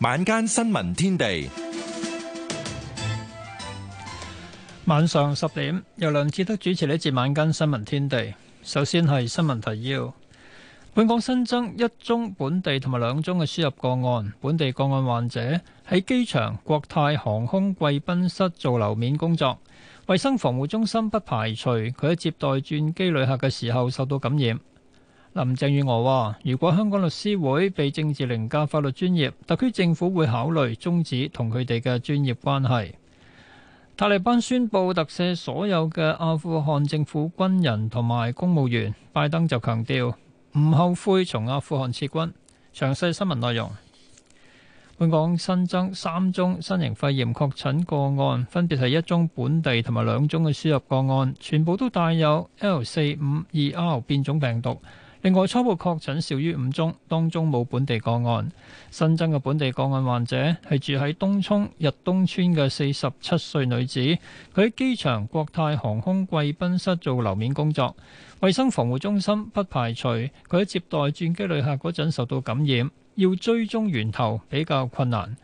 晚間新聞天地，晚上十點由梁志德主持呢節晚間新聞天地。首先係新聞提要：本港新增一宗本地同埋兩宗嘅輸入個案，本地個案患者喺機場國泰航空貴賓室做樓面工作，衛生防護中心不排除佢喺接待轉機旅客嘅時候受到感染。林鄭月娥話：如果香港律師會被政治凌駕法律專業，特區政府會考慮終止同佢哋嘅專業關係。塔利班宣布特赦所有嘅阿富汗政府軍人同埋公務員，拜登就強調唔後悔從阿富汗撤軍。詳細新聞內容。本港新增三宗新型肺炎確診個案，分別係一宗本地同埋兩宗嘅輸入個案，全部都帶有 L 四五二 R 變種病毒。另外，初步確診少於五宗，當中冇本地個案。新增嘅本地個案患者係住喺東涌日東邨嘅四十七歲女子，佢喺機場國泰航空貴賓室做樓面工作。衛生防護中心不排除佢喺接待轉機旅客嗰陣受到感染，要追蹤源頭比較困難。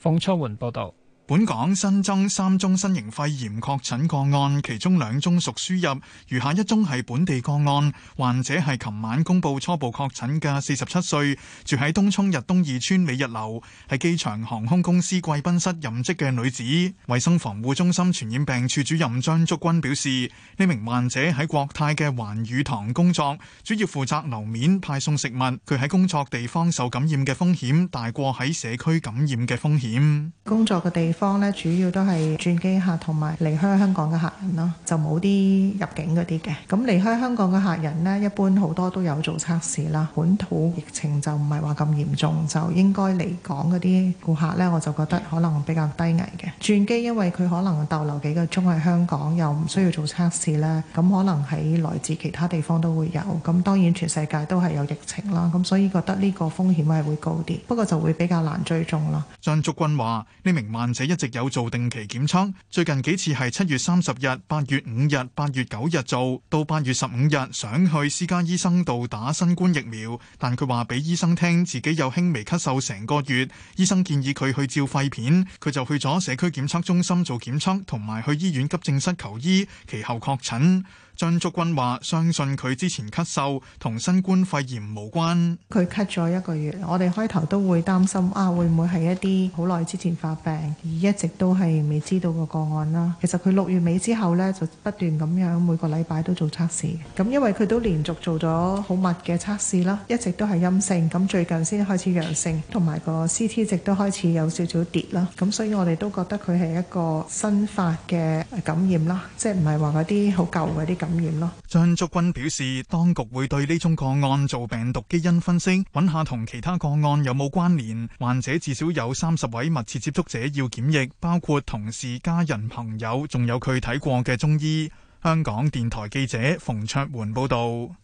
馮初緩報導。本港新增三宗新型肺炎確診個案，其中兩宗屬輸入，餘下一宗係本地個案，患者係琴晚公布初步確診嘅47歲，住喺東涌逸東邨美逸樓，係機場航空公司貴賓室任職的女子。衛生防護中心傳染病處主任張竹君表示，呢名患者喺國泰的環宇堂工作，主要負責樓面派送食物，佢喺工作地方受感染嘅風險大過喺社區感染嘅風險，工作嘅地地方咧，主要都係轉機客同埋離開香港嘅客人咯，就冇啲入境嗰啲嘅。咁離開香港嘅客人呢，一般好多都有做測試啦。本土疫情就唔係話咁嚴重，就應該嚟港嗰啲顧客呢，我就覺得可能比較低危嘅轉機，轉機因為佢可能逗留幾個鐘喺香港，又唔需要做測試啦，咁可能喺來自其他地方都會有。咁當然全世界都係有疫情啦。咁所以覺得呢個風險係會高啲，不過就會比較難追蹤啦。張竹君話：呢名患者。一直有做定期檢測，最近幾次係七月三十日、八月五日、八月九日做，到八月十五日想去私家醫生度打新冠疫苗，但佢話俾醫生聽自己有輕微咳嗽成個月，醫生建議佢去照肺片，佢就去咗社區檢測中心做檢測，同埋去醫院急症室求醫，其後確診。張竹君話：相信佢之前咳嗽同新冠肺炎無關。佢咳咗一個月，我哋開頭都會擔心啊，會唔會係一啲好耐之前發病而一直都係未知道個個案啦？其實佢六月尾之後呢，就不斷咁樣每個禮拜都做測試，咁因為佢都連續做咗好密嘅測試啦，一直都係陰性，咁最近先開始陽性，同埋個 CT 值都開始有少少跌啦，咁所以我哋都覺得佢係一個新發嘅感染啦，即係唔係話嗰啲好舊嗰啲。感染咯。張竹君表示，當局會對呢宗個案做病毒基因分析，揾下同其他個案有冇關聯。患者至少有三十位密切接觸者要檢疫，包括同事、家人、朋友，仲有佢睇過嘅中醫。香港電台記者馮卓門報導。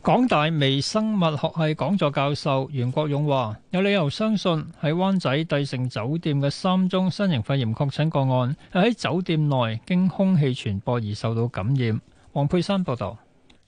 港大微生物學系講座教授袁國勇話，有理由相信喺灣仔帝城酒店嘅三宗新型肺炎確診個案係喺酒店內經空氣傳播而受到感染。黃佩珊報道，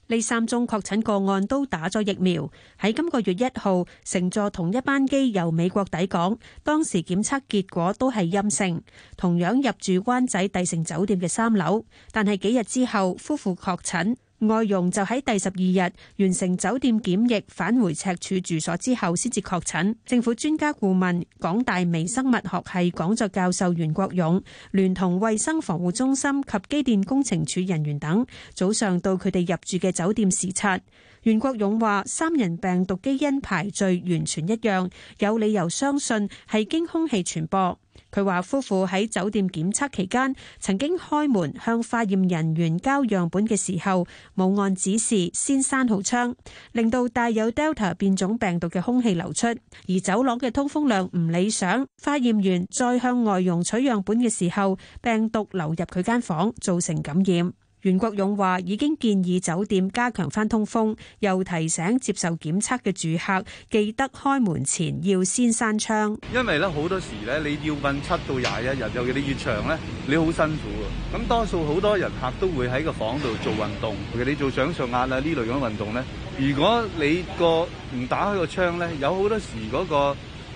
呢三宗確診個案都打咗疫苗，喺今個月一號乘坐同一班機由美國抵港，當時檢測結果都係陰性，同樣入住灣仔帝城酒店嘅三樓，但係幾日之後夫婦確診。外傭就喺第十二日完成酒店檢疫，返回赤柱住所之後，先至確診。政府專家顧問、港大微生物學系講座教授袁國勇，聯同衛生防護中心及機電工程署人員等，早上到佢哋入住嘅酒店視察。袁國勇話：三人病毒基因排序完全一樣，有理由相信係經空氣傳播。佢話：夫婦喺酒店檢測期間，曾經開門向化驗人員交樣本嘅時候，冇按指示先閂好窗，令到帶有 Delta 變種病毒嘅空氣流出，而走廊嘅通風量唔理想。化驗員再向外用取樣本嘅時候，病毒流入佢間房，造成感染。袁國勇話：已經建議酒店加強翻，通風，又提醒接受檢測嘅住客記得開門前要先閂窗。因為咧好多時咧你要瞓七到廿一日，尤其你越長咧你好辛苦。咁多數好多人客人都會喺個房度做運動，尤其你做掌上壓啊呢類咁嘅運動咧。如果你個唔打開個窗咧，有好多時嗰個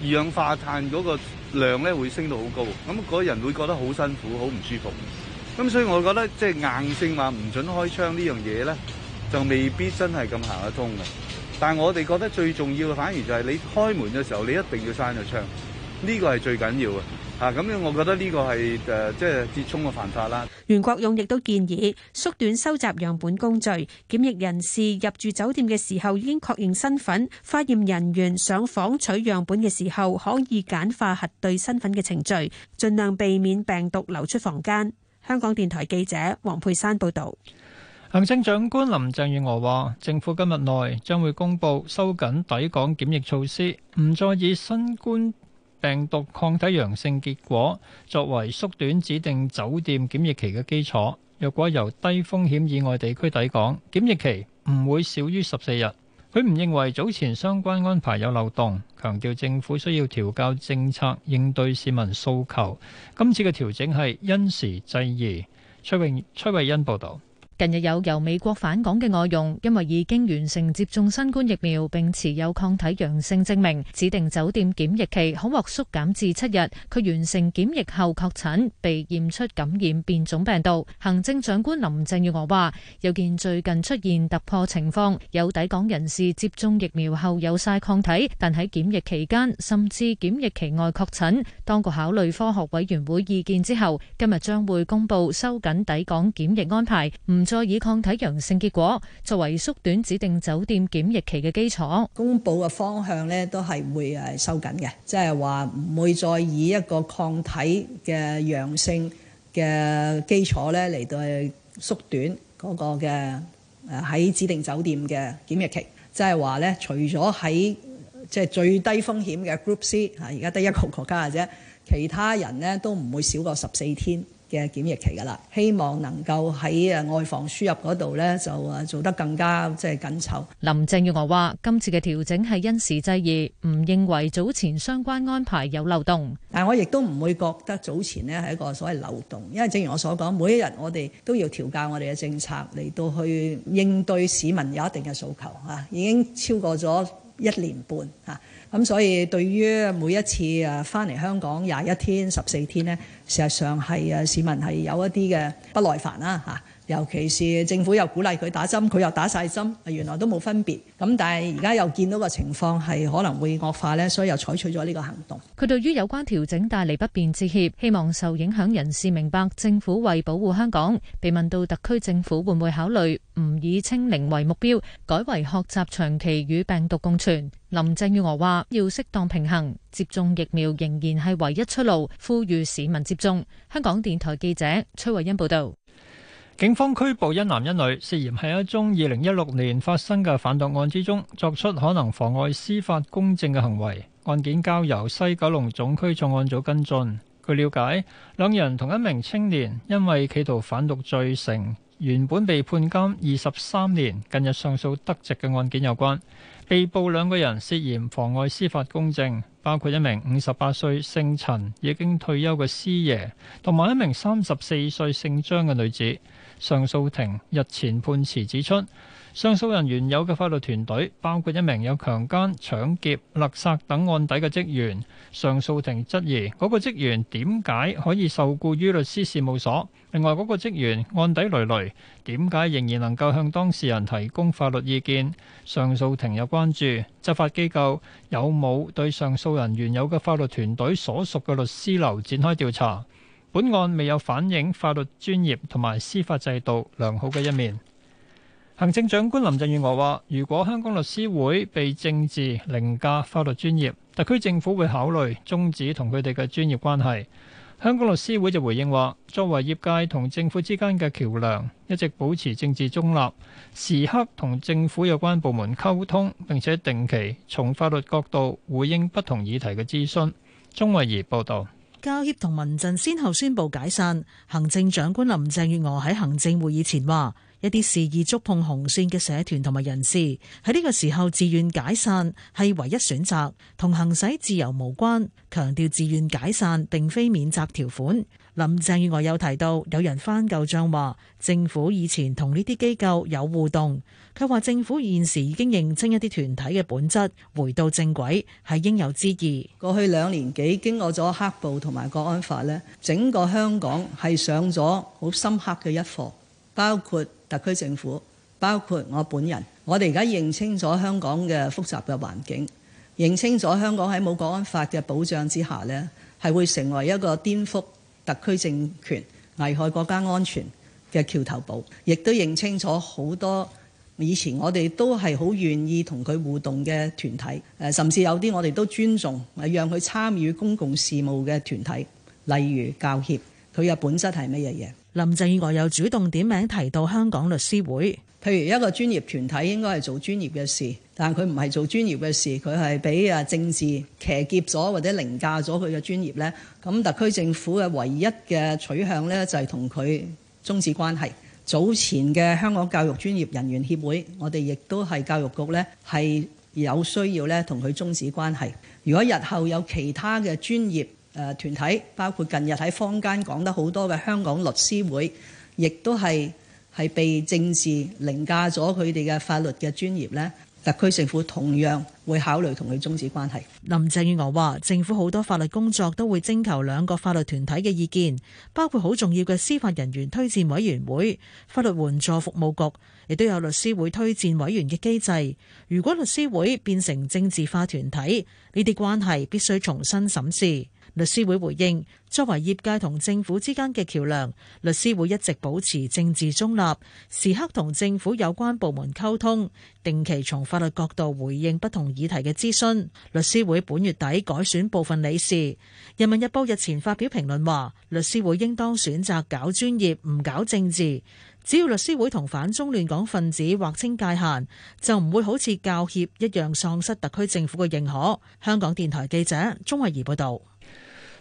二氧化碳嗰個量咧會升到好高，咁嗰人會覺得好辛苦，好唔舒服。咁所以，我覺得即係硬性話唔準開窗呢樣嘢咧，就未必真係咁行得通嘅。但係我哋覺得最重要嘅，反而就係你開門嘅時候，你一定要閂咗窗，呢個係最緊要嘅嚇。咁樣，我覺得呢個係誒即係折衷嘅辦法啦。袁國勇亦都建議縮短收集樣本工序，檢疫人士入住酒店嘅時候已經確認身份，化驗人員上房取樣本嘅時候可以簡化核對身份嘅程序，盡量避免病毒流出房間。香港電台記者黃佩珊報道，行政長官林鄭月娥話，政府今日內將會公布收緊抵港檢疫措施，唔再以新冠病毒抗體陽性結果作為縮短指定酒店檢疫期嘅基礎。若果由低風險以外地區抵港，檢疫期唔會少於十四日。佢唔認為早前相關安排有漏洞，強調政府需要調校政策，應對市民訴求。今次嘅調整係因時制宜。崔慧崔慧恩報導。近日有由美國返港嘅外傭，因為已經完成接種新冠疫苗，並持有抗體陽性證明，指定酒店檢疫期可獲縮減至七日。佢完成檢疫後確診，被驗出感染變種病毒。行政長官林鄭月娥話：又見最近出現突破情況，有抵港人士接種疫苗後有晒抗體，但喺檢疫期間甚至檢疫期外確診，當局考慮科學委員會意見之後，今日將會公布收緊抵港檢疫安排。唔再以抗體陽性結果作為縮短指定酒店檢疫期嘅基礎，公布嘅方向咧都係會誒收緊嘅，即係話唔會再以一個抗體嘅陽性嘅基礎咧嚟到縮短嗰個嘅誒喺指定酒店嘅檢疫期，即係話咧除咗喺即係最低風險嘅 Group C 啊，而家得一個國家嘅啫，其他人咧都唔會少過十四天。嘅檢疫期㗎啦，希望能夠喺啊外防輸入嗰度咧就啊做得更加即係緊湊。林鄭月娥話：今次嘅調整係因時制宜，唔認為早前相關安排有漏洞。但係我亦都唔會覺得早前呢係一個所謂漏洞，因為正如我所講，每一日我哋都要調校我哋嘅政策嚟到去應對市民有一定嘅訴求啊，已經超過咗。一年半吓，咁、啊、所以對於每一次誒翻嚟香港廿一天、十四天咧，呢事實上係誒市民係有一啲嘅不耐煩啦、啊、嚇。啊尤其是政府又鼓勵佢打針，佢又打晒針原來都冇分別，咁但係而家又見到個情況係可能會惡化咧，所以又採取咗呢個行動，佢對於有關調整帶嚟不便致歉，希望受影響人士明白政府為保護香港。被問到特區政府會唔會考慮唔以清零為目標，改為學習長期與病毒共存，林鄭月娥話要適當平衡，接種疫苗仍然係唯一出路，呼籲市民接種，香港電台記者崔慧欣報道。警方拘捕一男一女，涉嫌喺一宗二零一六年發生嘅販毒案之中作出可能妨礙司法公正嘅行為。案件交由西九龍總區重案組跟進。據了解，兩人同一名青年因為企圖販毒罪成，原本被判監二十三年，近日上訴得直嘅案件有關。被捕兩個人涉嫌妨礙司法公正，包括一名五十八歲姓陳、已經退休嘅師爺，同埋一名三十四歲姓張嘅女子。上訴庭日前判詞指出，上訴人原有嘅法律團隊，包括一名有強姦搶劫、勒殺等案底嘅職員。上訴庭質疑嗰個職員點解可以受僱於律師事務所？另外嗰個職員案底累累，點解仍然能夠向當事人提供法律意見？上訴庭有關注執法機構有冇對上訴人原有嘅法律團隊所屬嘅律師樓展開調查？本案未有反映法律專業同埋司法制度良好嘅一面。行政長官林鄭月娥話：如果香港律師會被政治凌駕法律專業，特區政府會考慮終止同佢哋嘅專業關係。香港律師會就回應話：作為業界同政府之間嘅橋梁，一直保持政治中立，時刻同政府有關部門溝通，並且定期從法律角度回應不同議題嘅諮詢。鍾慧儀報道。教協同民陣先後宣布解散。行政長官林鄭月娥喺行政會議前話。一啲肆意觸碰紅線嘅社團同埋人士喺呢個時候自願解散係唯一選擇，同行使自由無關。強調自願解散並非免責條款。林鄭月娥又提到，有人翻舊帳話政府以前同呢啲機構有互動，佢話政府現時已經認清一啲團體嘅本質，回到正軌係應有之義。過去兩年幾經過咗黑暴同埋國安法呢，整個香港係上咗好深刻嘅一課，包括，特區政府包括我本人，我哋而家認清咗香港嘅複雜嘅環境，認清咗香港喺冇《國安法》嘅保障之下咧，係會成為一個顛覆特區政權危害國家安全嘅橋頭堡。亦都認清楚好多以前我哋都係好願意同佢互動嘅團體誒，甚至有啲我哋都尊重，讓佢參與公共事務嘅團體，例如教協，佢嘅本質係乜嘢嘢？林鄭月娥又主動點名提到香港律師會，譬如一個專業團體應該係做專業嘅事，但佢唔係做專業嘅事，佢係俾啊政治騎劫咗或者凌駕咗佢嘅專業呢，咁特區政府嘅唯一嘅取向呢，就係同佢終止關係。早前嘅香港教育專業人員協會，我哋亦都係教育局呢，係有需要呢同佢終止關係。如果日後有其他嘅專業，誒團體包括近日喺坊間講得好多嘅香港律師會，亦都係係被政治凌駕咗佢哋嘅法律嘅專業呢，特區政府同樣會考慮同佢終止關係。林鄭月娥話，政府好多法律工作都會徵求兩個法律團體嘅意見，包括好重要嘅司法人員推薦委員會、法律援助服務局，亦都有律師會推薦委員嘅機制。如果律師會變成政治化團體，呢啲關係必須重新審視。律師會回應，作為業界同政府之間嘅橋樑，律師會一直保持政治中立，時刻同政府有關部門溝通，定期從法律角度回應不同議題嘅諮詢。律師會本月底改選部分理事。人民日報日前發表評論話，律師會應當選擇搞專業，唔搞政治。只要律師會同反中亂港分子劃清界限，就唔會好似教協一樣喪失特區政府嘅認可。香港電台記者鍾慧儀報道。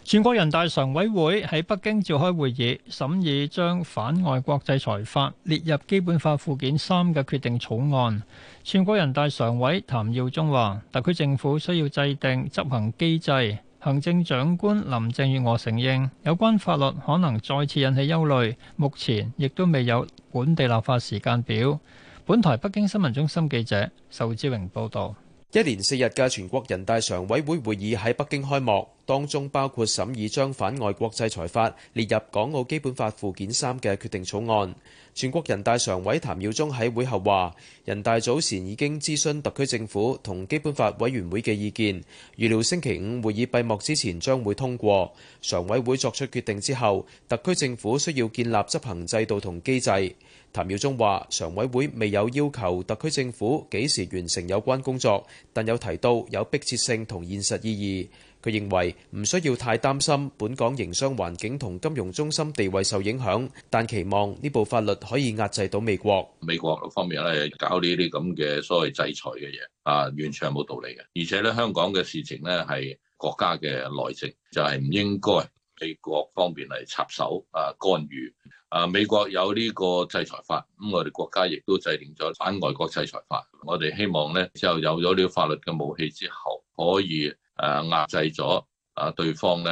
全國人大常委會喺北京召開會議，審議將反外國制裁法列入基本法附件三嘅決定草案。全國人大常委譚耀宗話，特區政府需要制定執行機制。行政長官林鄭月娥承認，有關法律可能再次引起憂慮，目前亦都未有本地立法時間表。本台北京新聞中心記者仇志榮報道。一連四日嘅全國人大常委會會議喺北京開幕，當中包括審議將反外國制裁法列入《港澳基本法附件三》嘅決定草案。全國人大常委譚耀宗喺會後話：人大早前已經諮詢特區政府同基本法委員會嘅意見，預料星期五會議閉幕之前將會通過。常委會作出決定之後，特區政府需要建立執行制度同機制。譚耀宗話，常委會未有要求特區政府幾時完成有關工作，但有提到有迫切性同現實意義。佢認為唔需要太擔心本港營商環境同金融中心地位受影響，但期望呢部法律可以壓制到美國。美國方面咧，搞呢啲咁嘅所謂制裁嘅嘢啊，完全係冇道理嘅。而且咧，香港嘅事情呢，係國家嘅內政，就係唔應該美國方面嚟插手啊干預。啊！美國有呢個制裁法，咁我哋國家亦都制定咗反外國制裁法。我哋希望呢，之後有咗呢個法律嘅武器之後，可以誒壓制咗啊對方呢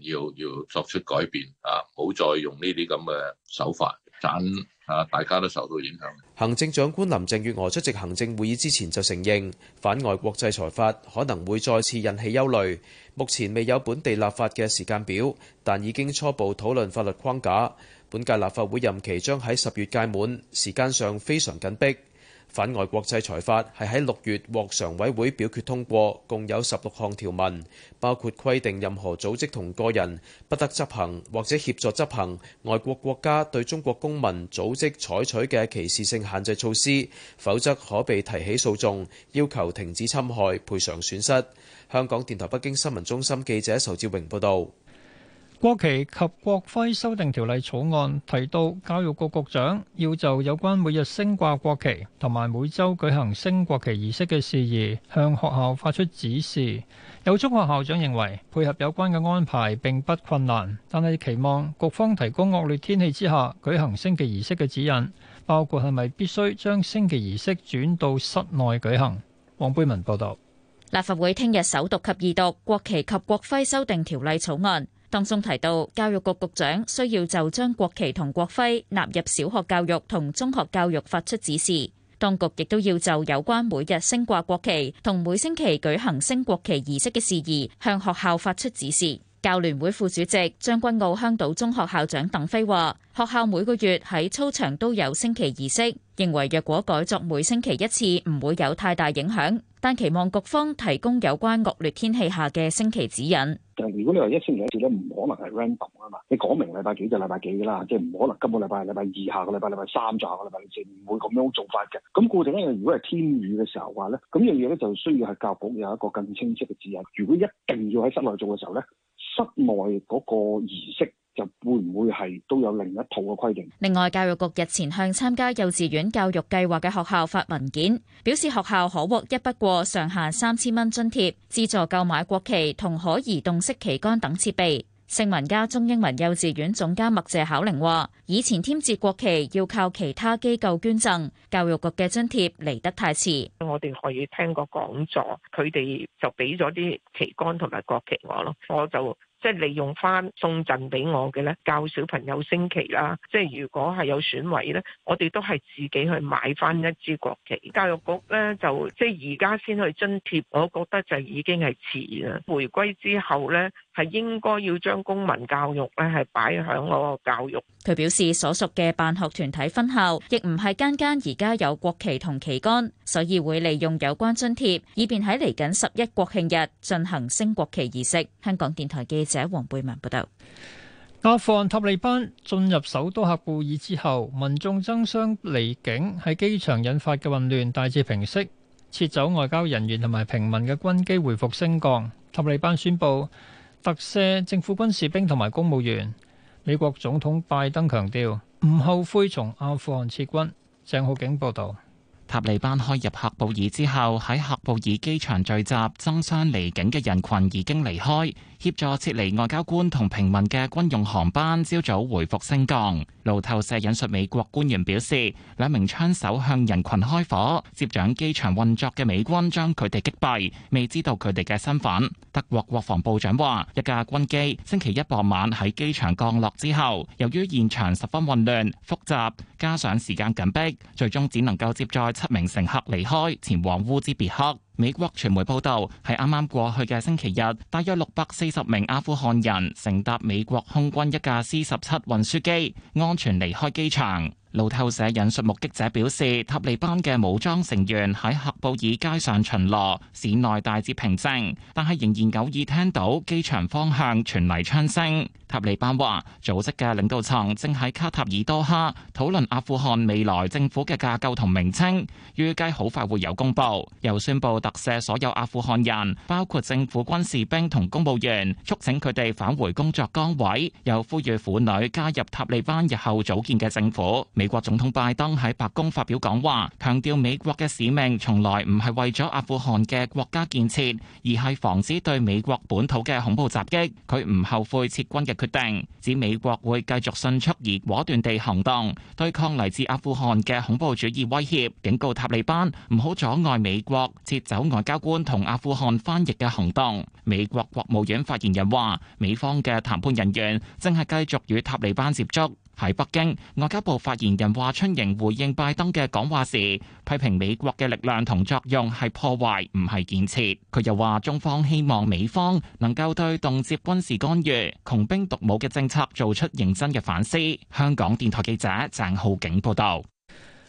誒要要作出改變啊，唔好再用呢啲咁嘅手法，盞啊大家都受到影響。行政長官林鄭月娥出席行政會議之前就承認，反外國制裁法可能會再次引起憂慮。目前未有本地立法嘅時間表，但已經初步討論法律框架。本屆立法會任期將喺十月屆滿，時間上非常緊迫。反外國制裁法係喺六月獲常委會表決通過，共有國旗及國徽修訂條例草案提到，教育局局長要就有關每日升掛國旗同埋每周舉行升國旗儀式嘅事宜，向學校發出指示。有中學校長認為配合有關嘅安排並不困難，但係期望局方提供惡劣天氣之下舉行升旗儀式嘅指引，包括係咪必須將升旗儀式轉到室內舉行。黃貝文報道。立法會聽日首讀及二讀國旗及國徽修訂條例草案。當中提到，教育局局長需要就將國旗同國徽納入小學教育同中學教育發出指示，當局亦都要就有關每日升掛國旗同每星期舉行升國旗儀式嘅事宜，向學校發出指示。教聯會副主席將軍澳香島中學校，校長鄧飛話，學校每個月喺操場都有升旗儀式，認為若果改作每星期一次，唔會有太大影響。但期望局方提供有關惡劣天氣下嘅升旗指引。就如果你話一星期一次咧，唔可能係 random 啊嘛。你講明禮拜幾就禮拜幾噶啦，即係唔可能今個禮拜禮拜二、下個禮拜禮拜三、仲下個禮拜四，唔會咁樣做法嘅。咁固定一樣，如果係天雨嘅時候話咧，咁樣嘢咧就需要係教育局有一個更清晰嘅指引。如果一定要喺室內做嘅時候咧，室內嗰個儀式。就會唔會係都有另一套嘅規定？另外，教育局日前向參加幼稚園教育計劃嘅學校發文件，表示學校可獲一筆過上限三千蚊津貼，資助購買國旗同可移動式旗桿等設備。聖文家中英文幼稚園總監麥謝巧玲話，以前添置國旗要靠其他機構捐贈，教育局嘅津貼嚟得太遲。我哋可以聽個講座，佢哋就俾咗啲旗桿同埋國旗我咯，我就。即係利用翻送贈俾我嘅咧，教小朋友升旗啦。即係如果係有損毀咧，我哋都係自己去買翻一支國旗。教育局咧就即係而家先去津貼，我覺得就已經係遲啦。回歸之後咧。係應該要將公民教育咧，係擺響嗰個教育。佢表示所屬嘅辦學團體分校亦唔係間間而家有國旗同旗桿，所以會利用有關津貼，以便喺嚟緊十一國慶日進行升國旗儀式。香港電台記者黃貝文報道。阿富汗塔利班進入首都喀布爾之後，民眾爭相離境，喺機場引發嘅混亂大致平息，撤走外交人員同埋平民嘅軍機回復升降。塔利班宣布。特赦政府軍士兵同埋公務員。美國總統拜登強調，唔後悔從阿富汗撤軍。鄭浩景報導。塔利班開入喀布爾之後，喺喀布爾機場聚集爭相離境嘅人群已經離開。協助撤離外交官同平民嘅軍用航班，朝早，早回復升降。路透社引述美國官員表示，兩名槍手向人群開火，接掌機場運作嘅美軍將佢哋擊斃，未知道佢哋嘅身份。德國國防部長話：一架軍機星期一傍晚喺機場降落之後，由於現場十分混亂複雜，加上時間緊迫，最終只能夠接載七名乘客離開，前往烏茲別克。美國傳媒報道，係啱啱過去嘅星期日，大約六百四十名阿富汗人乘搭美國空軍一架 C 十七運輸機，安全離開機場。路透社引述目擊者表示，塔利班嘅武裝成員喺喀布爾街上巡邏，市內大致平靜，但係仍然偶爾聽到機場方向傳嚟槍聲。塔利班話，組織嘅領導層正喺卡塔爾多哈討論阿富汗未來政府嘅架構同名稱，預計好快會有公佈。又宣布特赦所有阿富汗人，包括政府軍士兵同公務員，促請佢哋返回工作崗位。又呼籲婦女加入塔利班日後組建嘅政府。美國總統拜登喺白宮發表講話，強調美國嘅使命從來唔係為咗阿富汗嘅國家建設，而係防止對美國本土嘅恐怖襲擊。佢唔後悔撤軍嘅決定，指美國會繼續迅速而果斷地行動，對抗嚟自阿富汗嘅恐怖主義威脅，警告塔利班唔好阻礙美國撤走外交官同阿富汗翻譯嘅行動。美國國務院發言人話，美方嘅談判人員正係繼續與塔利班接觸。喺北京，外交部發言人華春瑩回應拜登嘅講話時，批評美國嘅力量同作用係破壞，唔係建設。佢又話中方希望美方能夠對動輒軍事干預、窮兵黷武嘅政策做出認真嘅反思。香港電台記者鄭浩景報道。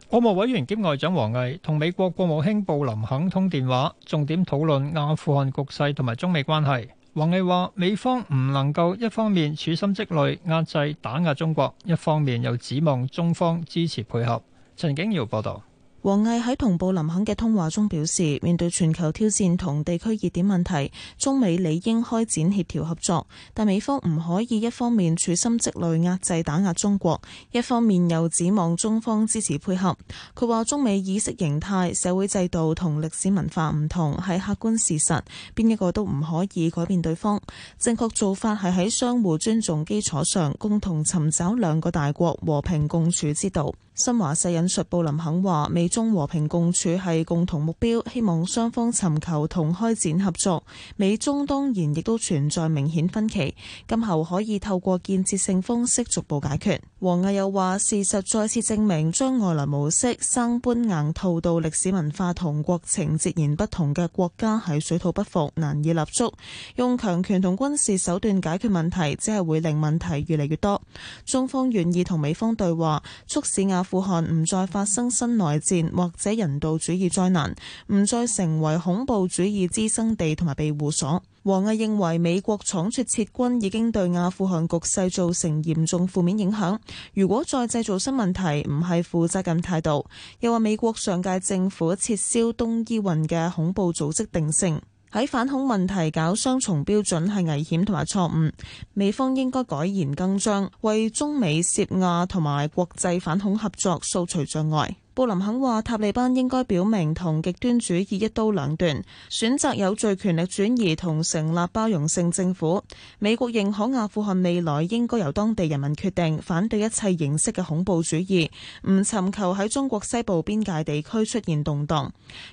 國務委員兼外長王毅同美國國務卿布林肯通電話，重點討論阿富汗局勢同埋中美關係。王毅話：美方唔能夠一方面處心積慮壓制打壓中國，一方面又指望中方支持配合。陳景遙報道。王毅喺同布林肯嘅通話中表示，面對全球挑戰同地區熱點問題，中美理應開展協調合作。但美方唔可以一方面處心積慮壓制打壓中國，一方面又指望中方支持配合。佢話：中美意識形態、社會制度同歷史文化唔同係客觀事實，邊一個都唔可以改變對方。正確做法係喺相互尊重基礎上，共同尋找兩個大國和平共處之道。新華社引述布林肯話，美中和平共處係共同目標，希望雙方尋求同開展合作。美中當然亦都存在明顯分歧，今後可以透過建設性方式逐步解決。王毅又話：事實再次證明，將外來模式生搬硬套到歷史文化同國情截然不同嘅國家，係水土不服，難以立足。用強權同軍事手段解決問題，只係會令問題越嚟越多。中方願意同美方對話，促使阿富汗唔再發生新內戰或者人道主義災難，唔再成為恐怖主義滋生地同埋庇護所。王毅認為美國倉促撤軍已經對阿富汗局勢造成嚴重負面影響。如果再製造新問題，唔係負責任態度。又話美國上屆政府撤銷東伊運嘅恐怖組織定性，喺反恐問題搞雙重標準係危險同埋錯誤。美方應該改弦更張，為中美涉亞同埋國際反恐合作掃除障礙。布林肯話：塔利班應該表明同極端主義一刀兩斷，選擇有序權力轉移同成立包容性政府。美國認可阿富汗未來應該由當地人民決定，反對一切形式嘅恐怖主義，唔尋求喺中國西部邊界地區出現動盪。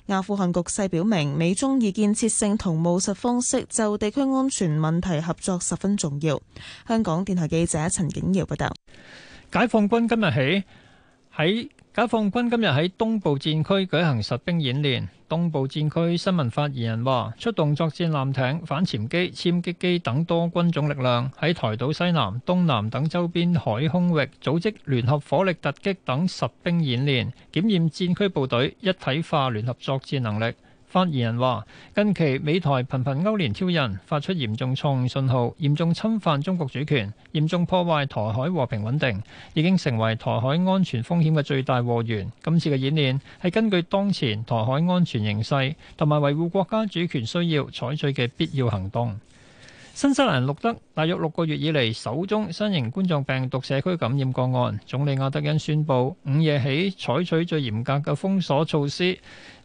阿富汗局勢表明，美中以建設性同務實方式就地區安全問題合作十分重要。香港電台記者陳景瑤報道。解放軍今日起。喺解放軍今日喺東部戰區舉行實兵演練。東部戰區新聞發言人話：出動作戰艦艇、反潛機、殲擊機等多軍種力量，喺台島西南、東南等周邊海空域組織聯合火力突擊等實兵演練，檢驗戰區部隊一體化聯合作戰能力。發言人話：近期美台頻頻勾連挑釁，發出嚴重錯誤信號，嚴重侵犯中國主權，嚴重破壞台海和平穩定，已經成為台海安全風險嘅最大禍源。今次嘅演練係根據當前台海安全形勢，同埋維護國家主權需要採取嘅必要行動。新西蘭錄得大約六個月以嚟首宗新型冠狀病毒社區感染個案，總理阿德恩宣布午夜起採取最嚴格嘅封鎖措施。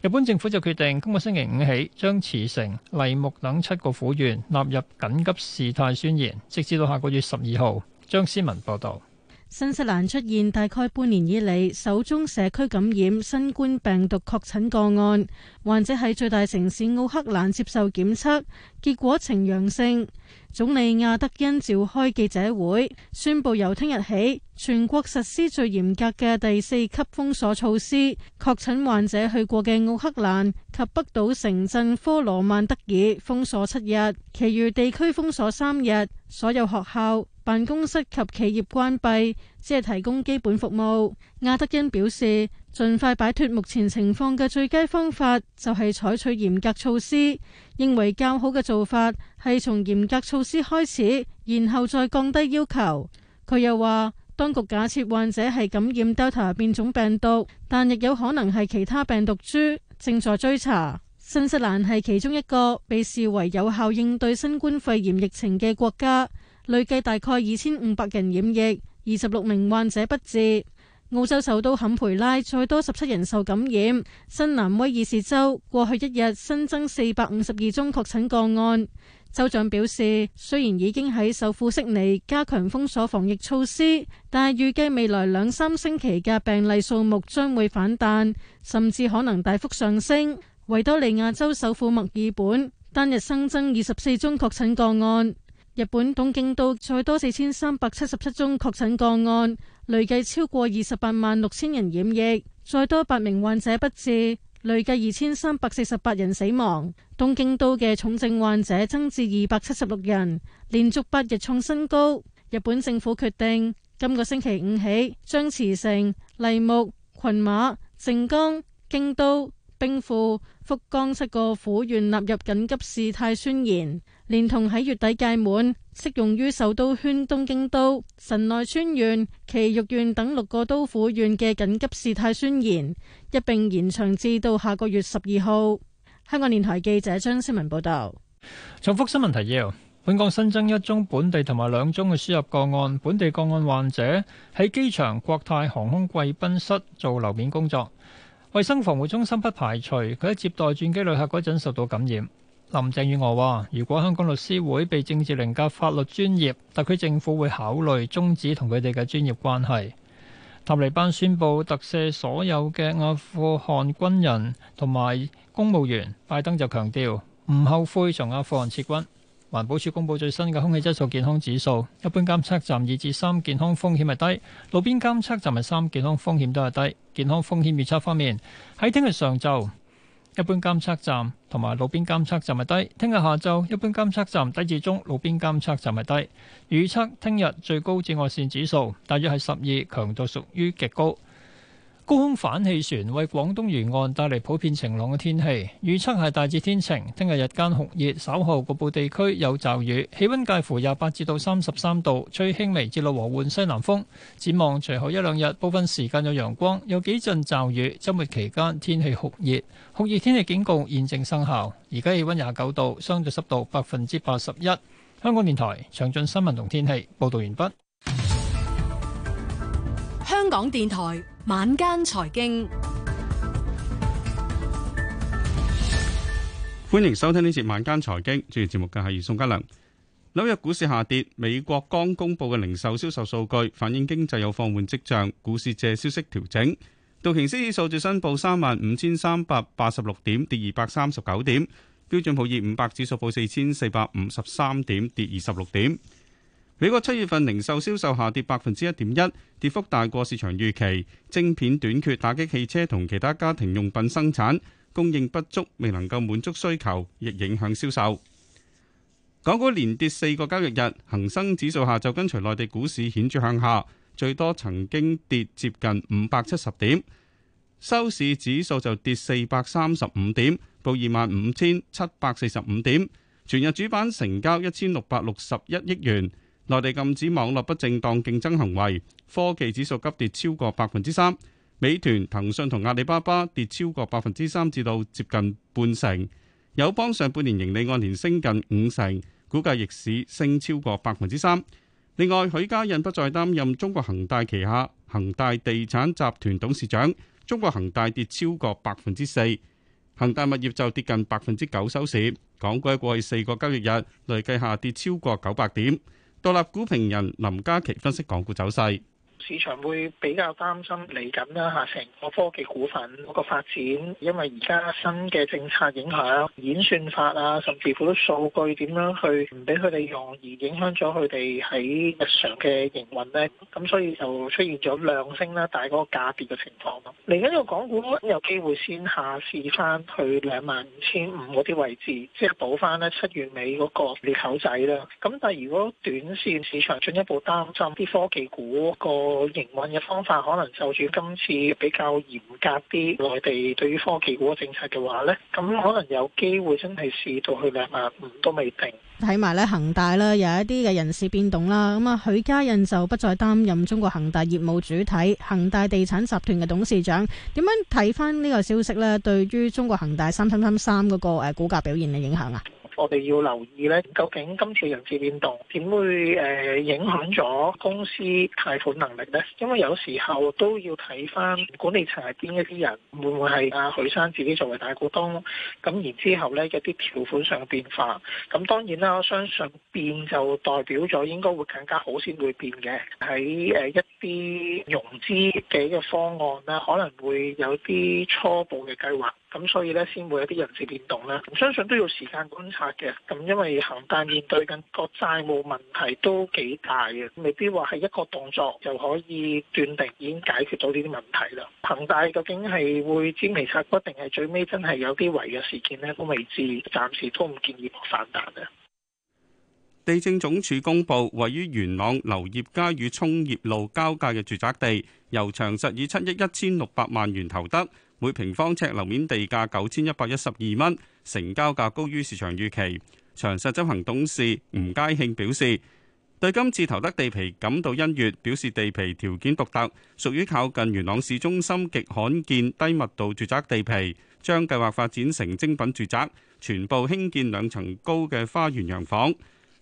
日本政府就決定今個星期五起將茨城、櫪木等七個府縣納入緊急事態宣言，直至到下個月十二號。張思文報道。新西蘭出現大概半年以嚟首宗社區感染新冠病毒確診個案，患者喺最大城市奧克蘭接受檢測，結果呈陽性。總理亞德恩召開記者會，宣布由聽日起全國實施最嚴格嘅第四級封鎖措施，確診患者去過嘅奧克蘭及北島城鎮科羅曼德爾封鎖七日，其餘地區封鎖三日，所有學校。辦公室及企業關閉，只係提供基本服務。亞德恩表示，盡快擺脫目前情況嘅最佳方法就係採取嚴格措施。認為較好嘅做法係從嚴格措施開始，然後再降低要求。佢又話，當局假設患者係感染 Delta 變種病毒，但亦有可能係其他病毒株，正在追查。新西蘭係其中一個被視為有效應對新冠肺炎疫情嘅國家。累計大概二千五百人染疫，二十六名患者不治。澳洲首都坎培拉再多十七人受感染。新南威爾士州過去一日新增四百五十二宗確診個案。州長表示，雖然已經喺首府悉尼加強封鎖防疫措施，但係預計未來兩三星期嘅病例數目將會反彈，甚至可能大幅上升。維多利亞州首府墨爾本單日新增二十四宗確診個案。日本東京都再多四千三百七十七宗確診個案，累計超過二十八萬六千人染疫，再多八名患者不治，累計二千三百四十八人死亡。東京都嘅重症患者增至二百七十六人，連續八日創新高。日本政府決定今個星期五起，將茨城、櫪木、群馬、靜岡、京都、兵庫、福岡七個府縣納入緊急事態宣言。連同喺月底屆滿，適用於首都圈，東京都、神奈川縣、埼玉縣等六個都府縣嘅緊急事態宣言，一並延長至到下個月十二號。香港電台記者張新文報道。重複新聞提要：本港新增一宗本地同埋兩宗嘅輸入個案，本地個案患者喺機場國泰航空貴賓室做樓面工作，衛生防護中心不排除佢喺接待轉機旅客嗰陣受到感染。林鄭月娥話：如果香港律師會被政治凌駕法律專業，特區政府會考慮終止同佢哋嘅專業關係。塔利班宣布特赦所有嘅阿富汗軍人同埋公務員。拜登就強調唔後悔從阿富汗撤軍。環保署公布最新嘅空氣質素健康指數，一般監測站二至三健康風險係低，路邊監測站係三健康風險都係低。健康風險預測方面，喺聽日上晝。一般監測站同埋路邊監測站係低，聽日下晝一般監測站低至中，路邊監測站係低。預測聽日最高紫外線指數大約係十二，強度屬於極高。高空反氣旋為廣東沿岸帶嚟普遍晴朗嘅天氣，預測係大致天晴。聽日日間酷熱，稍後局部地區有驟雨，氣溫介乎廿八至到三十三度，吹輕微至到和緩西南風。展望隨後一兩日，部分時間有陽光，有幾陣驟雨。週末期間天氣酷熱，酷熱天氣警告現正生效。而家氣溫廿九度，相對濕度百分之八十一。香港電台詳盡新聞同天氣報道完畢。香港電台。晚間財經，歡迎收聽呢節晚間財經，主要節目嘅係宋嘉良。紐約股市下跌，美國剛公布嘅零售銷售數據反映經濟有放緩跡象，股市借消息調整。道瓊斯指數至新報三萬五千三百八十六點，跌二百三十九點；標準普爾五百指數報四千四百五十三點，跌二十六點。美國七月份零售銷售下跌百分之一點一，跌幅大過市場預期。晶片短缺打擊汽車同其他家庭用品生產，供應不足未能夠滿足需求，亦影響銷售。港股連跌四個交易日，恒生指數下晝跟隨內地股市顯著向下，最多曾經跌接近五百七十點，收市指數就跌四百三十五點，報二萬五千七百四十五點。全日主板成交一千六百六十一億元。內地禁止網絡不正當競爭行為，科技指數急跌超過百分之三。美團、騰訊同阿里巴巴跌超過百分之三至到接近半成。友邦上半年盈利按年升近五成，估計逆市升超過百分之三。另外，許家印不再擔任中國恒大旗下恒大地產集團董事長。中國恒大跌超過百分之四，恒大物業就跌近百分之九收市。港股過去四個交易日累計下跌超過九百點。獨立股評人林嘉琪分析港股走勢。市場會比較擔心嚟緊啦，嚇成個科技股份嗰個發展，因為而家新嘅政策影響演算法啦，甚至乎啲數據點樣去唔俾佢哋用，而影響咗佢哋喺日常嘅營運咧。咁所以就出現咗量升啦，但係嗰個價跌嘅情況咯。嚟緊個港股有機會先下試翻去兩萬五千五嗰啲位置，即係補翻咧七月尾嗰個裂口仔啦。咁但係如果短線市場進一步擔心啲科技股、嗰個，我營運嘅方法可能受住今次比較嚴格啲內地對於科技股嘅政策嘅話呢，咁可能有機會真係試到去兩萬五都未定。睇埋咧恒大，呢有一啲嘅人事變動啦。咁啊，許家印就不再擔任中國恒大業務主體、恒大地產集團嘅董事長。點樣睇返呢個消息呢？對於中國恒大三三三三嗰個誒股價表現嘅影響啊？我哋要留意呢，究竟今次人事變動點會誒、呃、影響咗公司貸款能力呢？因為有時候都要睇返管理層係邊一啲人，會唔會係阿、啊、許生自己作為大股東？咁然之後呢，一啲條款上嘅變化，咁當然啦，我相信變就代表咗應該會更加好先會變嘅。喺誒一啲融資嘅方案呢，可能會有啲初步嘅計劃。咁所以呢，先會有啲人事變動啦，咁相信都要時間觀察嘅。咁因為恒大面對緊個債務問題都幾大嘅，未必話係一個動作就可以斷定已經解決到呢啲問題啦。恒大究竟係會尖皮拆骨，定係最尾真係有啲違約事件呢？都未知。暫時都唔建議反彈啊！地政總署公布，位於元朗劉業街與衝業路交界嘅住宅地，由長實以七億一千六百萬元投得。每平方尺樓面地價九千一百一十二蚊，成交價高於市場預期。長實執行董事吳佳慶表示，對今次投得地皮感到欣悅，表示地皮條件獨特，屬於靠近元朗市中心極罕見低密度住宅地皮，將計劃發展成精品住宅，全部興建兩層高嘅花園洋房。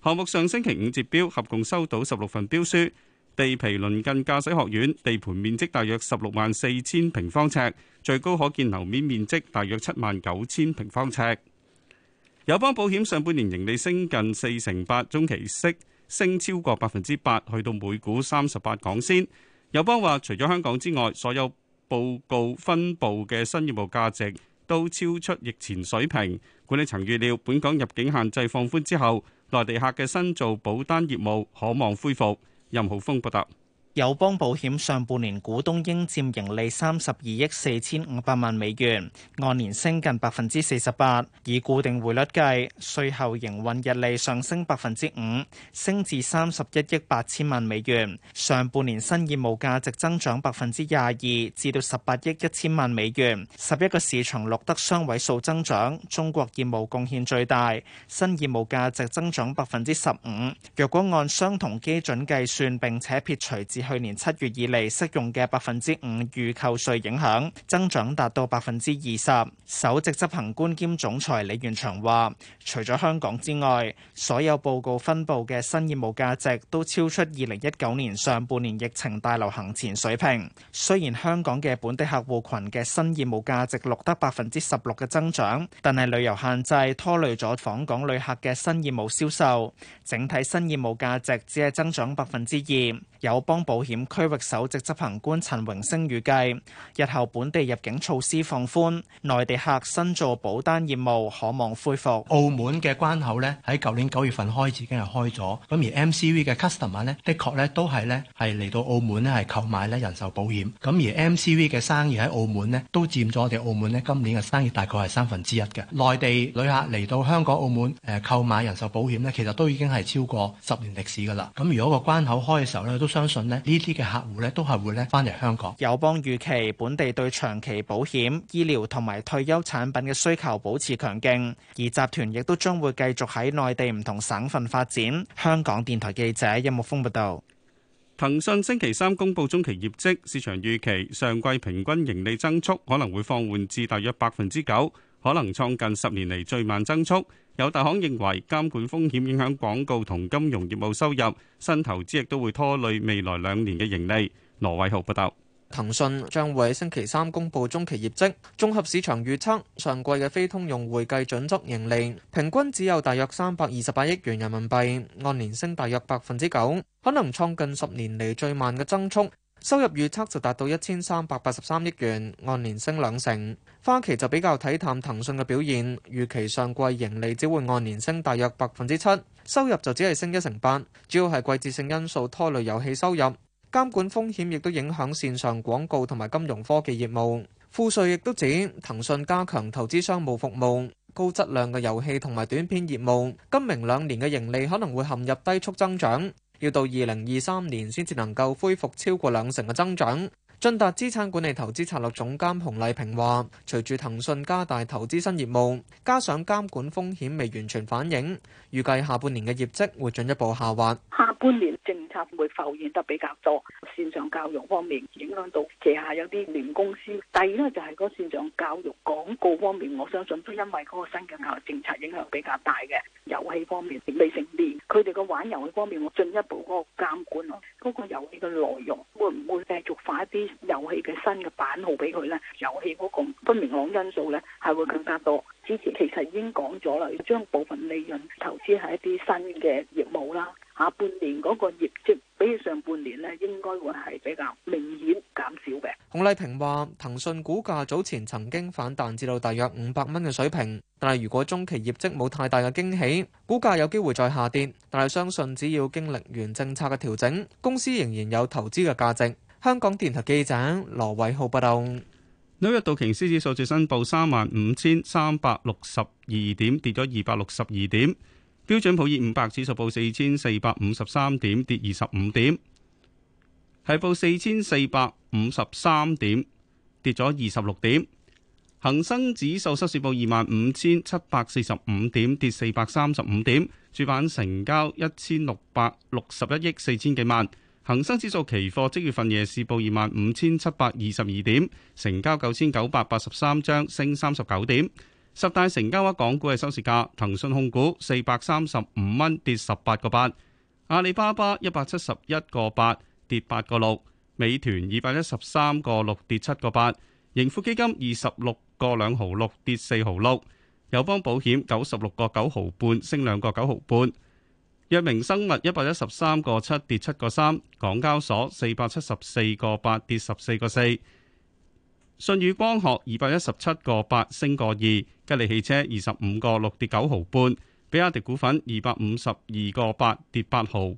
項目上星期五接標，合共收到十六份標書。地皮鄰近駕駛學院，地盤面積大約十六萬四千平方尺，最高可見樓面面積大約七萬九千平方尺。友邦保險上半年盈利升近四成八，中期息升超過百分之八，去到每股三十八港仙。友邦話，除咗香港之外，所有報告分部嘅新業務價值都超出疫前水平。管理層預料，本港入境限制放寬之後，內地客嘅新造保單業務可望恢復。任浩峰報道。友邦保險上半年股東應佔盈利三十二億四千五百萬美元，按年升近百分之四十八，以固定匯率計，稅後營運日利上升百分之五，升至三十一億八千萬美元。上半年新業務價值增長百分之廿二，至到十八億一千萬美元。十一個市場錄得雙位數增長，中國業務貢獻最大，新業務價值增長百分之十五。若果按相同基準計算並且撇除自去年七月以嚟適用嘅百分之五預扣稅影響增長，達到百分之二十。首席執行官兼總裁李源祥話，除咗香港之外，所有報告分部嘅新業務價值都超出二零一九年上半年疫情大流行前水平。雖然香港嘅本地客戶群嘅新業務價值錄得百分之十六嘅增長，但係旅遊限制拖累咗訪港旅客嘅新業務銷售，整體新業務價值只係增長百分之二。友邦保險區域首席執行官陳榮升預計，日後本地入境措施放寬，內地客新做保單業務可望恢復。澳門嘅關口咧，喺舊年九月份開始已經係開咗，咁而 MCV 嘅 customer 呢，的確咧、er、都係咧係嚟到澳門咧係購買咧人壽保險，咁而 MCV 嘅生意喺澳門咧都佔咗我哋澳門咧今年嘅生意大概係三分之一嘅。內地旅客嚟到香港、澳門誒購買人壽保險咧，其實都已經係超過十年歷史㗎啦。咁如果個關口開嘅時候咧，都相信咧呢啲嘅客戶咧都係會咧翻嚟香港。友邦預期本地對長期保險、醫療同埋退休產品嘅需求保持強勁，而集團亦都將會繼續喺內地唔同省份發展。香港電台記者任木峰報道：騰訊星期三公布中期業績，市場預期上季平均盈利增速可能會放緩至大約百分之九，可能創近十年嚟最慢增速。有大行認為，監管風險影響廣告同金融業務收入，新投資亦都會拖累未來兩年嘅盈利，羅偉豪報道。收入預測就達到一千三百八十三億元，按年升兩成。花旗就比較睇淡騰訊嘅表現，預期上季盈利只會按年升大約百分之七，收入就只係升一成八，主要係季節性因素拖累遊戲收入，監管風險亦都影響線上廣告同埋金融科技業務。富瑞亦都指騰訊加強投資商務服務、高質量嘅遊戲同埋短片業務，今明兩年嘅盈利可能會陷入低速增長。要到二零二三年先至能夠恢復超過兩成嘅增長。信達資產管理投資策略總監洪麗萍話，隨住騰訊加大投資新業務，加上監管風險未完全反映，預計下半年嘅業績會進一步下滑。下半年政策會浮現得比較多，線上教育方面影響到旗下有啲聯公司。第二呢，就係嗰線上教育廣告方面，我相信都因為嗰個新嘅教育政策影響比較大嘅。遊戲方面未成年，佢哋個玩遊戲方面我進一步嗰個監管，嗰個遊戲嘅內容會唔會繼續快啲？遊戲嘅新嘅版號俾佢咧，遊戲嗰個分明朗因素咧，係會更加多。之前其實已經講咗啦，要將部分利潤投資喺一啲新嘅業務啦。下半年嗰個業績比起上半年咧，應該會係比較明顯減少嘅。洪麗萍話：騰訊股價早前曾經反彈至到大約五百蚊嘅水平，但係如果中期業績冇太大嘅驚喜，股價有機會再下跌。但係相信只要經歷完政策嘅調整，公司仍然有投資嘅價值。香港電台記者羅偉浩報道：紐約道瓊斯指數最新報三萬五千三百六十二點，跌咗二百六十二點；標準普爾五百指數報四千四百五十三點，跌二十五點；係報四千四百五十三點，跌咗二十六點；恒生指數收市報二萬五千七百四十五點，跌四百三十五點；主板成交一千六百六十一億四千幾萬。恒生指數期貨即月份夜市報二萬五千七百二十二點，成交九千九百八十三張，升三十九點。十大成交額港股嘅收市價：騰訊控股四百三十五蚊，跌十八個八；阿里巴巴一百七十一個八，跌八個六；美團二百一十三個六，跌七個八；盈富基金二十六個兩毫六，跌四毫六；友邦保險九十六個九毫半，升兩個九毫半。藥明生物一百一十三個七，跌七個三，港交所四百七十四個八，跌十四個四，舜宇光學二百一十七個八，升個二，吉利汽車二十五個六，跌九毫半，比亞迪股份二百五十二個八，跌八毫。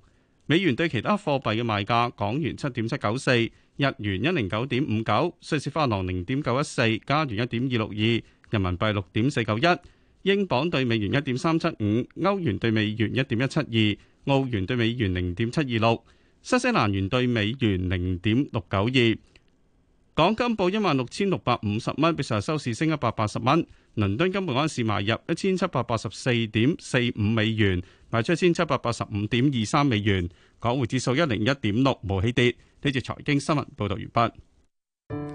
美元對其他貨幣嘅賣價：港元七點七九四，日元一零九點五九，瑞士法郎零點九一四，加元一點二六二，人民幣六點四九一。英鎊兌美元一點三七五，歐元兌美元一點一七二，澳元兌美元零點七二六，新西蘭元兌美元零點六九二。港金報一萬六千六百五十蚊，比上日收市升一百八十蚊。倫敦金每盎司買入一千七百八十四點四五美元，賣出一千七百八十五點二三美元。港匯指數一零一點六，冇起跌。呢節財經新聞報道完畢。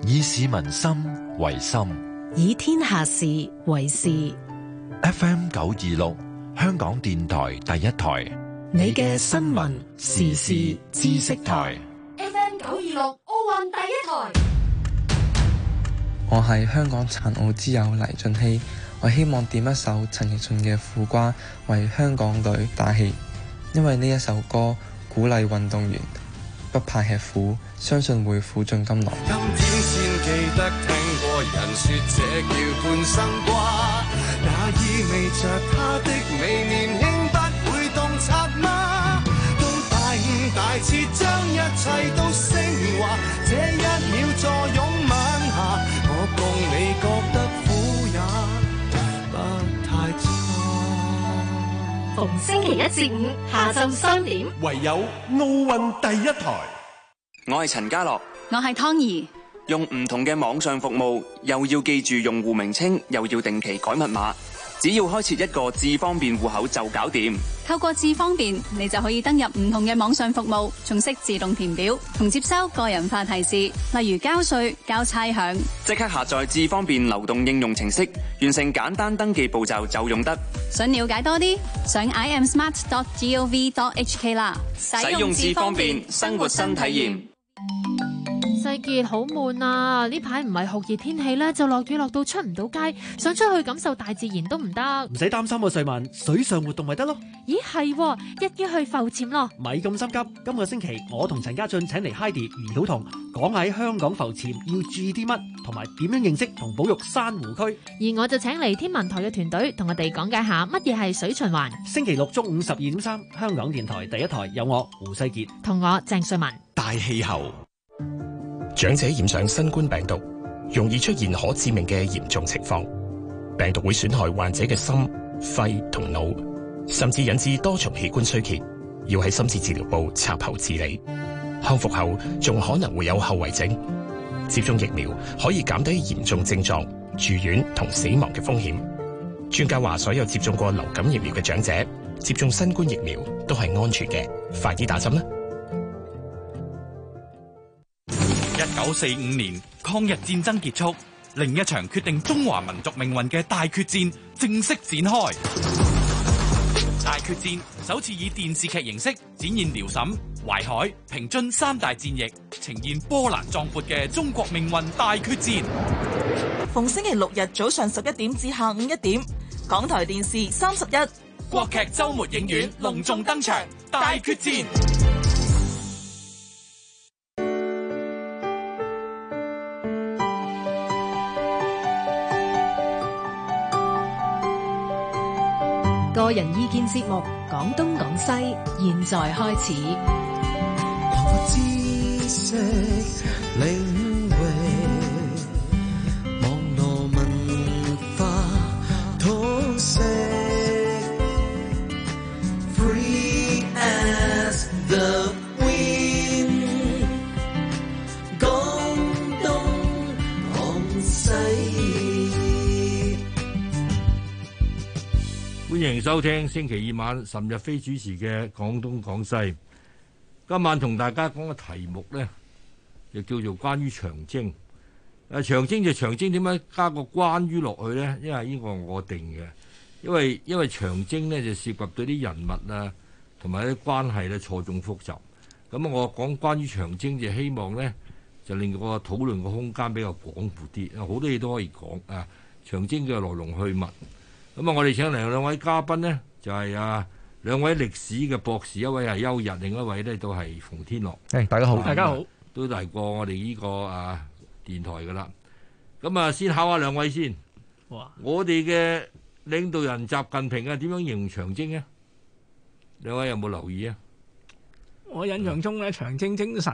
以市民心為心，以天下事為事。FM 九二六香港電台第一台，你嘅新聞時事知識台，FM 九二六奧運第一台。我係香港殘奧之友黎俊熙，我希望點一首陳奕迅嘅《苦瓜》為香港隊打氣，因為呢一首歌鼓勵運動員不怕吃苦，相信會苦盡甘來。今天先記得聽過人說，這叫半生瓜。那意味着他的你年輕不會洞察嗎，都大悟大徹，將一切都昇華。這一秒坐擁晚霞，我共你覺得苦也不太差。逢星期一至五下晝三點，唯有奧運第一台。我係陳家樂，我係湯兒。用唔同嘅網上服務，又要記住用戶名稱，又要定期改密碼，只要開設一個智方便戶口就搞掂。透過智方便，你就可以登入唔同嘅網上服務，重識自動填表同接收個人化提示，例如交稅、交差餉。即刻下載智方便流動應用程式，完成簡單登記步驟就用得。想了解多啲，上 i m s 世杰好悶啊！呢排唔係酷熱天氣咧，就落雨落到出唔到街，想出去感受大自然都唔得。唔使擔心啊，瑞文，水上活動咪得咯。咦，係一於去浮潛咯。咪咁心急。今個星期我同陳家俊請嚟 Hidy 余曉彤講喺香港浮潛要注意啲乜，同埋點樣認識同保育珊瑚區。而我就請嚟天文台嘅團隊同我哋講解下乜嘢係水循環。星期六中午十二點三，香港電台第一台有我胡世杰同我鄭瑞文。大氣候。長者染上新冠病毒，容易出現可致命嘅嚴重情況，病毒會損害患者嘅心、肺同腦，甚至引致多重器官衰竭，要喺深切治療部插喉治理。康復後仲可能會有後遺症。接種疫苗可以減低嚴重症狀、住院同死亡嘅風險。專家話，所有接種過流感疫苗嘅長者，接種新冠疫苗都係安全嘅，快啲打針啦！九四五年抗日戰爭結束，另一場決定中華民族命運嘅大決戰正式展開。大決戰首次以電視劇形式展現遼瀋、淮海、平津三大戰役，呈現波瀾壯闊嘅中國命運大決戰。逢星期六日早上十一點至下午一點，港台電視三十一國劇周末影院隆重登場，《大決戰》。個人意見節目《講東講西》，現在開始。收聽星期二晚岑日飛主持嘅《廣東廣西》，今晚同大家講嘅題目呢，就叫做關於長征。啊，長征就長征，點解加個關於落去呢？因為呢個我定嘅，因為因為長征呢就涉及到啲人物啊，同埋啲關係咧錯綜複雜。咁我講關於長征就希望呢就令個討論個空間比較廣闊啲，好多嘢都可以講啊。長征嘅來龍去脈。咁、就是、啊，我哋請嚟兩位嘉賓咧，就係啊兩位歷史嘅博士，一位係邱日，另一位咧都係馮天樂。誒，大家好，大家好，都嚟過我哋呢、這個啊電台噶啦。咁啊，先考下兩位先。哇！我哋嘅領導人習近平啊，點樣形容長征嘅？兩位有冇留意啊？我印象中咧，嗯、長征精神。